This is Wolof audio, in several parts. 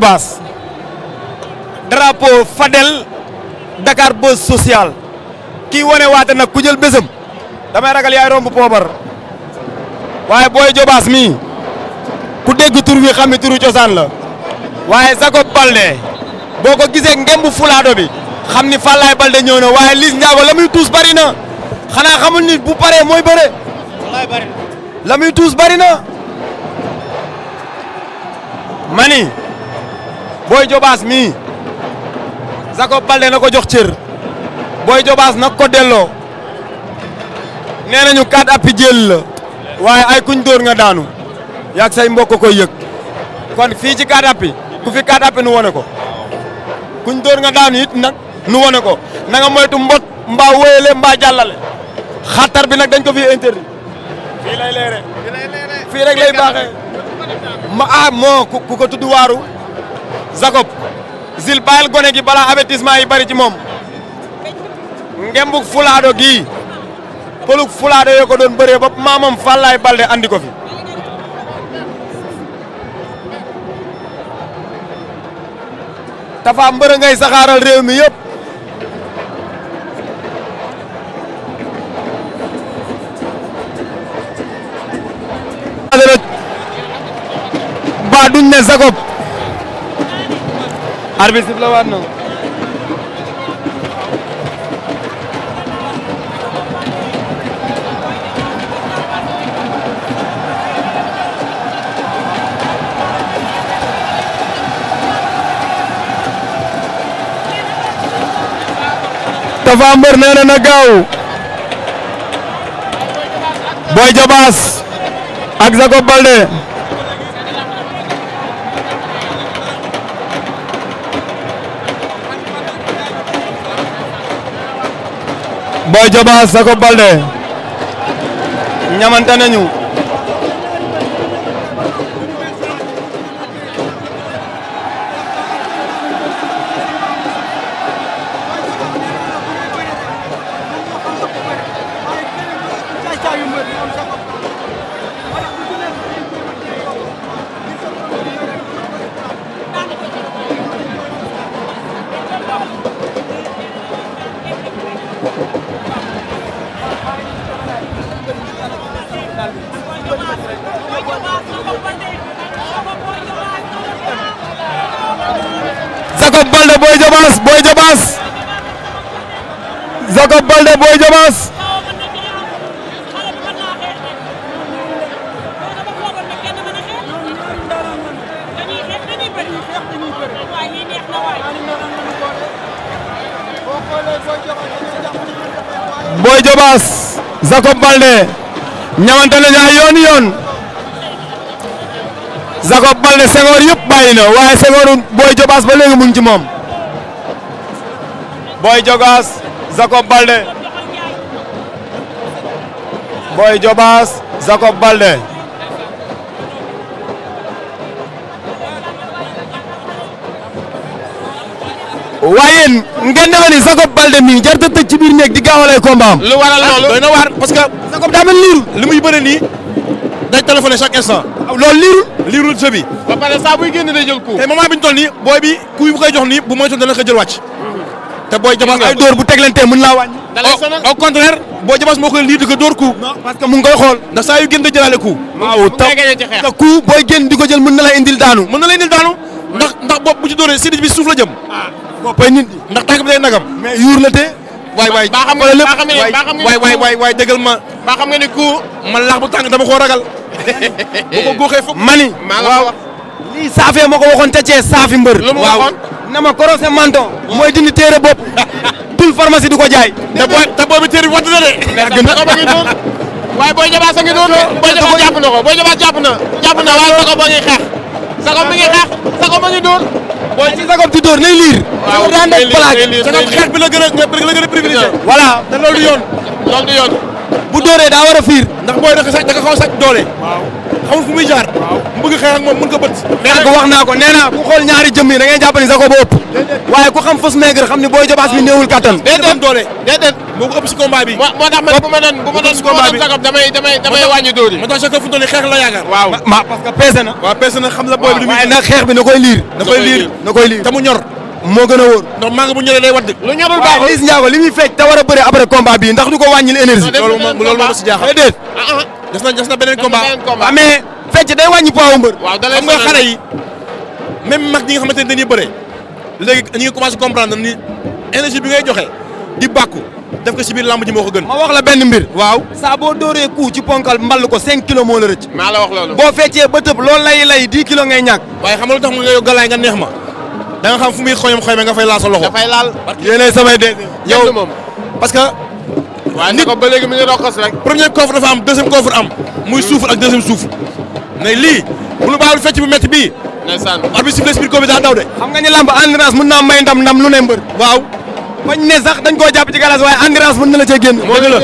Cobaas drapeau Fadel Dakar Buzz social kii wane waate nag ku jël bésam damay ragal yaay romb poobar waaye booy Jobaas mii ku dégg tur wi xam ne turu cosaan la waaye Jacob Balde boo ko gisee ngemb fulaado bi xam ni Fallaye Balde ñëw na waaye Liss Ndiago la muy tuus bari na xanaa xamul ni bu paree mooy bëre. la muy tuus bari na mani booy jobaas mii Jacob Baldé na ko jox cër booy jobaas nag ko delloo nee nañu quatre appuis jël la waaye ay kuñ dóor nga daanu yaag say mbokk ko yëg kon fii ci quatre appuis ku fi quatre appuis nu wone ko kuñ dóor nga daanu it nag nu wone ko na nga moytu mbot mbaa wóyale mbaa jàllale xatar bi nag dañ ko fi interdit fii lay leere rek lay baaxee ma ah moo ku ko tudd waaru Jacob zil bàyyil gone gi balaa avertissement yi bari ci moom ngembuk fulaado gii pëluk fulaado yoo ko doon bëree bopp maamam Fallaye Balde andi ko fi Tafa mbër ngay saxaaral réew mi yëpp ba duñ ne Jacob arbitre siflé waat na Tapha Mbeur nee na na gaaw Boy Jabaas ak Jacob Baldé Boy Diobass Jacob Baldé ñamante nañu Baldé Boy Diobass Boy Diobass Jacob Baldé ñamante nañu yoon yoon Jacob Baldé sengoor yëpp bàyyi na waaye sengooru Boy Diobass ba mu ngi ci moom Jacob Balde Boy Diobass Jacob Balde waaye ngeen demee ni Jacob Balde mii jar tëj ci biir néeg di gaawalay combat lu waral loolu doy na waar parce que. Jacob daa mel liirul li muy bëre nii day chaque instant. loolu liirul liirul jeu bi. ba pare saa buy génn day te moment bi ñu booy bi coup bu koy jox nii bu moytuwul dana ko jël wàcc. te Boy Diobass ay dóor bu teglantee mën laa wàññi. da lay sonal koy lii di ko dóor ku. parce que mu ngi koy xool ndax saa yu gën da jëlaale ku. waaw ku booy génn di ko jël mën na lay indil daanu. mën na la indil daanu ndax ndax bopp bu ci dóoree sidit bi suuf la jëm. waaw ah. boppay nit ndax tànk bi day nagam. mais yuur la te. waay waay baa xam nga ne baa xam nga ne waay waay waay waay dëggal ma. baa xam nga ne ku man laax bu tànk dama koo ragal. bu ko góoxee foog maa ngi waaw lii saafee ma ko waxoon te cee saafi mbër. na ma corosé menton. mooy dindi téere bopp. tul pharmacie di ko jaay. te booy te boobu téere bi watt na de. ndax gën na ko ba ngi doon. waaye booy jabaas a ngi doon. booy jabaas jàpp na ko booy jabaas jàpp na. jàpp na waaye sago ba ngi xeex. sago mi ngi xeex sago ma ngi doon. booy ci sago di door nay liir. waaw day liir day liir xeex bi la gën a la gën a privilégié. voilà te loolu du yoon loolu du yoon. bu dooree daa war a fiir ndax booy da ko sàcc da ko xaw doole xamul fu muy jaar mu bëgg moom mën ko bët nee ko wax naa ko nee ku xool ñaari jëmm yi da ngay jàpp waaye ku xam fës maigre xam ni booy jobaas mi néewul kattan déedéet doole déedéet moo si combat bi moo tax man bu ma doon bu ma doon combat bi Jacob damay damay damay wàññi dóor yi moo tax Jacob ma parce xeex bi na koy liir na koy liir na ñor moo gën a wóor. ndax maa ngi bu ñëwee day ah, li muy fecc te war a bëri après combat bi ndax du ko wàññil énergie. Ah, loolu moom loolu si jaaxal déedéet. Ah, des na des na beneen combat mais fecc day wàññi poids wu mbër. waaw yi même mag ñi nga xamante ne dañuy bëre léegi ñu ngi commencé comprendre ni énergie bi ngay joxe di bàkku def ko si biir lamb ji moo ko gën. ma wax la benn mbir. waaw saaboo dooree kuu ci ponkal mball ko 5 kilos moo la rëcc. la wax loolu. boo feccee ba tëb loolu lay lay 10 kilos ngay ñàkk. xam nga lu tax mu nga neex ma da nga xam fu muy xoyam xoyame nga fay laal sa loxo. dafay laal yéenay samay dee. yow parce que. waaye nit ko ba premier coffre dafa am deuxième coffre am. muy suuful ak deuxième suuf. mais lii bu lu baal fecc bu métti bii. ndeysaan arbitre siffle esprit comité daa daw de. xam nga ni lamb endurance mën naa may ndam ndam lu ne mbër. waaw bañ ne sax dañ koo jàpp ci galas waaye endurance mën na la cee génn. moo la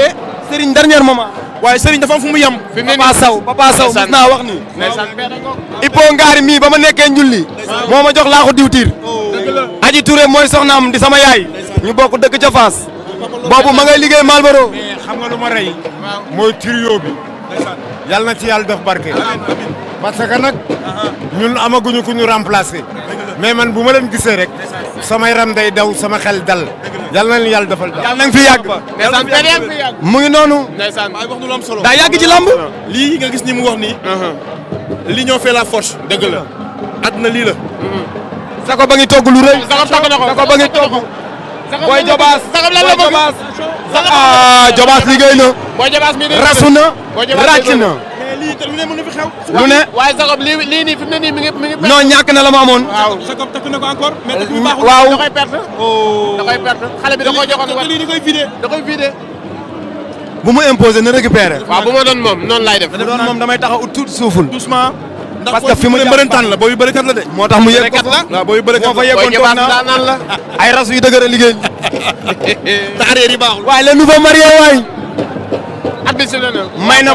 Serigne dernier moment. waaye sëriñ dafa am fu mu yem. Papa Sow Papa Sow mos naa wax ni. Ipo Ngaari mii ba ma nekkee njulli. moo ma jox laaxu diwtiir. Oh. aji Touré mooy soxnaam di sama yaay. ñu bokk dëgg ca Fass. boobu ma ngay liggéey Malboro. xam nga lu ma rey. mooy trio bi. yàlla na ci yàlla def barke. parce que nag ñun amaguñu ku ñu remplacer mais man bu ma leen gisee rek samay ram day daw sama xel dal yal na leen yàlla defal dal yàlla na fi yàgg mu ngi noonu ndeysaan wax nu lu am solo daa yàgg ci làmb lii nga gis ni mu wax nii uh-huh. l'union fait la force dëgg la na lii la Jacob uh-huh. ba ngi togg lu rëy Jacob ba ngi togg booy Jobaas booy Jobaas ah Jobaas liggéey na rasu na ràcc na lii mën na fi xew. lu ne waaye Jacob na la ma amoon. waaw Jacob takk na ko encore. mais takk bu baaxul waaw da koy perte. Oh. da koy perte xale bi da koy joxoon wet. da koy vidé da koy vidé. bu ma imposé na récupéré. waaw bu ma doon moom noonu laay def. damay taxaw tuuti suuful. doucement. fi mu mbërëntaan la la de. moo tax mu yegg ko waaw booy yu bërikat la moo fa yeggoon la. ay ras yu dëgër a liggéey. te arrière yi waaye may na.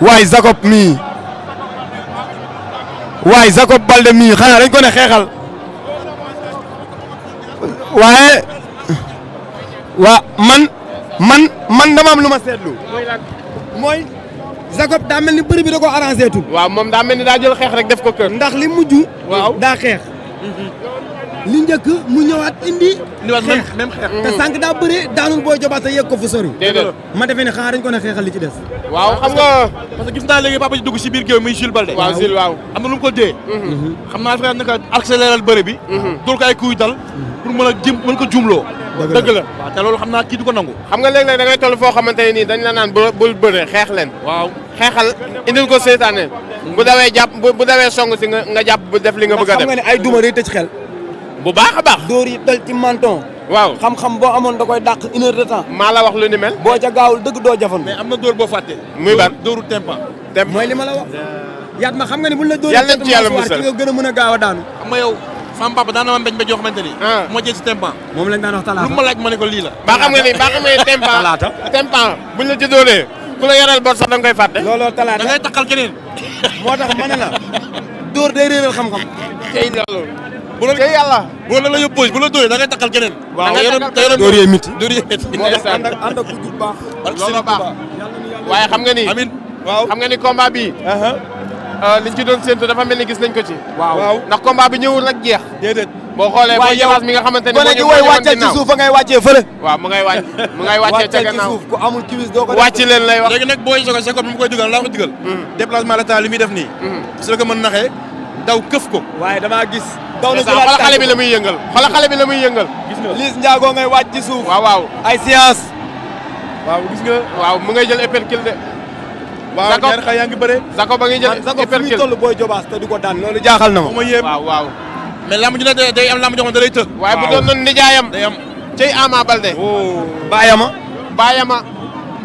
waay Jacob mii waay Jacob Balde mii xanaa dañ ko ne xeexal waaye waa man man man dama am lu ma seetlu. mooy Jacob daa mel ni bëri bi da ko arrangé tul. waaw moom daa mel ni daa jël xeex rek def ko kër. ndax li mujj. waaw daa xeex. li njëkk mu ñëwaat indi. xeex même xeex. te sànq daa bëri daanul booy jobaat yegg ko fu sori. ma defee ne xanaa dañ ko ne xeexal li ci des. waaw xam nga parce que gis naa léegi papa ji dugg si biir géew muy Jules Balde. waaw am na lu ko dee. Mhm. xam naa dafa na accéléral bëri bi. Mhm. dul ko ay kuy dal. pour mën a mën ko jumloo. dëgg la waaw te xam naa kii du ko nangu. xam nga léeg-léeg da ngay toll foo xamante ne nii dañ la naan bul bëre leen. waaw xeexal indil ko seytaane bu dawee jàpp bu dawee song si nga jàpp bu def li a def. xam nga ne ay xel bu baax a baax dóor yi ci menton waaw xam-xam boo amoon da koy dàq une heure de temps maa la wax lu ni mel boo ca gaawul dëgg doo jafandu mais am na dóor boo fàtte muy ban dóoru tempa tempa mooy li ma la wax xam nga ne buñ la dóor a mën a a daanu xam ni ah. moo moom lañ daan wax talaata lu ma laaj ma ne ko lii la baa xam nga ni baa xam nga ni tempa talaata tempa buñ dóoree ku la yoreel bor sax da fàtte looloo talaata da ngay takkal keneen moo tax ma ne la dóor day réeral xam-xam. tey loolu. bu la tey yàlla. boo la la yóbbu poche bu la dóoree da ngay takkal keneen. waaw dóor yee mit dóor yee mit. moo tax ànd ak ànd ak ku jub waaye xam nga ni. amiin waaw xam nga ni combat bii. liñ ci doon séntu dafa mel ni gis nañ ko ci. waaw ndax combat bi ñëwul nag jeex. déedéet. boo xoolee boo Diamass mi nga xamante ne moo ñu woy wàccal ci suuf fa ngay wàccee fële waaw mu wàccee doo ko wàcc leen lay wax léegi nag booy sogo sekot bi mu koy dugal laa ko digal hmm. déplacement latéral li muy def nii hmm. su la ko mën naxee daw këf ko waaye damaa gis daw na xoolal xale bi la muy yëngal xoolal xale bi la muy yëngal gis nga Liss Ndiago ngay wàcc ci suuf waaw waaw ay séance waaw gis nga waaw mu ngay jël épercule de waaw ñaari xale yaa ngi bëre Zako ba ngay jël épercule Zako a muy toll booy Jobaas te du ko daan ma waaw waaw mais lamb ji nag day am lamb joo xam da lay të. waaw waaye bu doon noonu nijaayam. day am cey Ama Balde. baayama. baayama.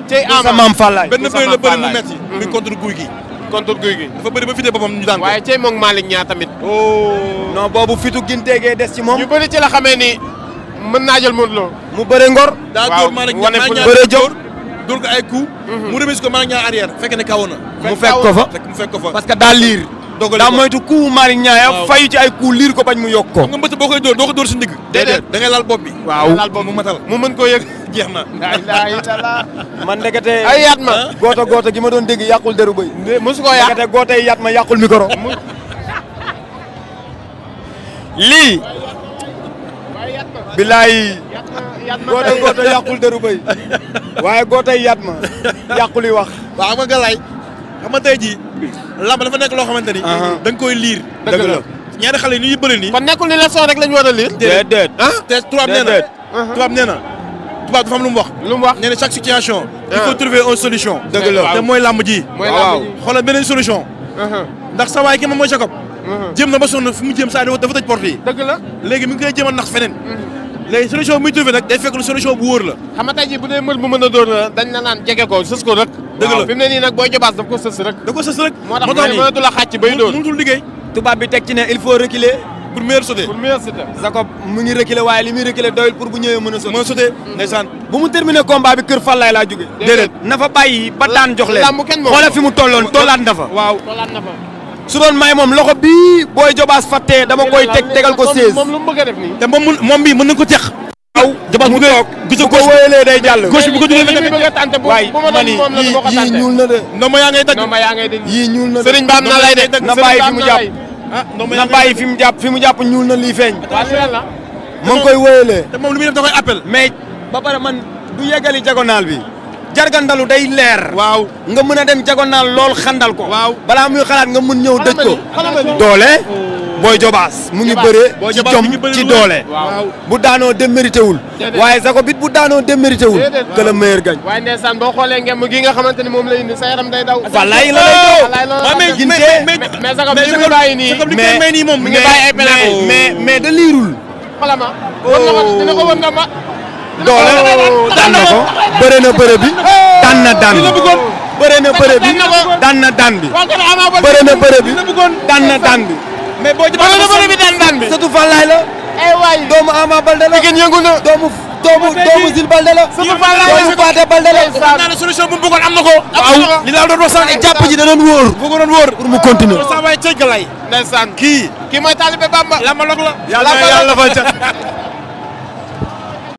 cey Ama sa maam Fallaye benn bëri la bëri mu metti. muy mm-hmm. contre guy guy gi. dafa bëri ba fitee boppam ñu daan ko. waaye cey moom Malick ñaa tamit. non boobu fitu ginteegee des ci moom. ñu bëri ci la xamee ni mën naa jël Modou Lo. mu bëre ngor. daa dóor Malick ñaa maa ñaar bëre jëw dóor ko ay coup. Mm-hmm. mu remise ko Malick ñaa arrière fekk ne kawoon mu fekk ko fa parce que daa liir dogal daa moytu coup Malick Niang fayu ci ay coup liir ko bañ mu yokk ko nga mbëtt boo koy dóor doo ko dóor si ndigg déedéet da ngay laal bopp bi waaw laal bopp mu matal mu mën koo yëg jeex na la man ndekete ay yaat ma gooto gooto gi ma doon dégg yàqul deru bëy mosu koo yàq ndekete gooto yi yaat ma yàqul micro lii bilaay gooto gooto yàqul deru bëy waaye gooto yaat ma yàquli wax waaw ma galay xam nga lamb dafa nekk loo xamante ni. da nga koy liir. dëgg la ñaari xale yi ñu yëbbale nii. kon nekkul ni leçon rek la ñu war a liir. déedéet ah te tubaab nee na tubaab nee na tubaab dafa chaque situation. il faut ah. trouver une solution. dëgg la mooy lamb ji. mooy solution. ndax sa ki moom mooy Jacob. jéem na ba sonn fu mu jéem saa dafa tëj porte yi. dëgg la léegi mi a nax feneen mhm. léegi solution bu muy trouvé nag day fekk lu solution bu wóor la xam nga tey jii bu dee mbër bu mën a dóor la dañ la naan jege sës ko rek dëgg la fi ne nii nag booy jobaas sës rek da sës rek moo tax mënatul a xàcc bay dóor mënatul liggéey tubaab bi teg ci ne il faut reculer pour mieux sauter pour mieux sauter Jacob mu ngi reculer waaye li muy reculer doyul pour bu ñëwee a a sauter ndeysaan bu mu terminé combat bi kër Fallaye laa jóge déedéet na fa bàyyi jox leen xoolal fi mu tolloon tollaat su doon may moom loxo bii booy jobaas fàttee dama koy teg tegal ko sées moom lu mu a te moom moom bii mën na ko tex waaw jobaas ko wéyalee ko dugal waay man yi yii ñuul na de ndomba yaa ngay dagg yii ñuul na fi mu jàpp ah, na bàyyi fi mu jàpp fi lii feeñ ma koy wéyalee te moom lu muy def da koy appel mais ba pare man du yeggali diagonal bi jargandalu day leer. waaw nga mën a dem jagonaal lool xandal ko. waaw balaa muy xalaat nga mën ñëw dëj ko. doole. Oh. booy jobaas mu ngi bëree. ci jom ci doole. bu daanoo démérité wul. waaye Sakho bit bu daanoo démérité wul. que le meilleur gagne. waaye ndeysaan boo xoolee ngeen mu gi nga xamante ni moom la sa yaram day daw. la lay daw mais mais mais Sakho bi ñu mais mais da liirul. xoolal ma. war na ma. doole daan na ko bëre na bëre bi daan na daan bi bëre na bëre daan na daan bi bëre na bëre bi daan na daan bi. mais boo ci bëre na bëre bi daan daan eh doomu Ama Balde la Pikine yëngu na doomu. doomu doomu Zil doomu Paate Balde la. xam naa ne solution bu mu bëggoon am na ko. waaw li daal doon jàpp ji da doon wóor. ko pour mu continuer. kii. kii mooy taalibe Bamba. la ma log la. yàlla yàlla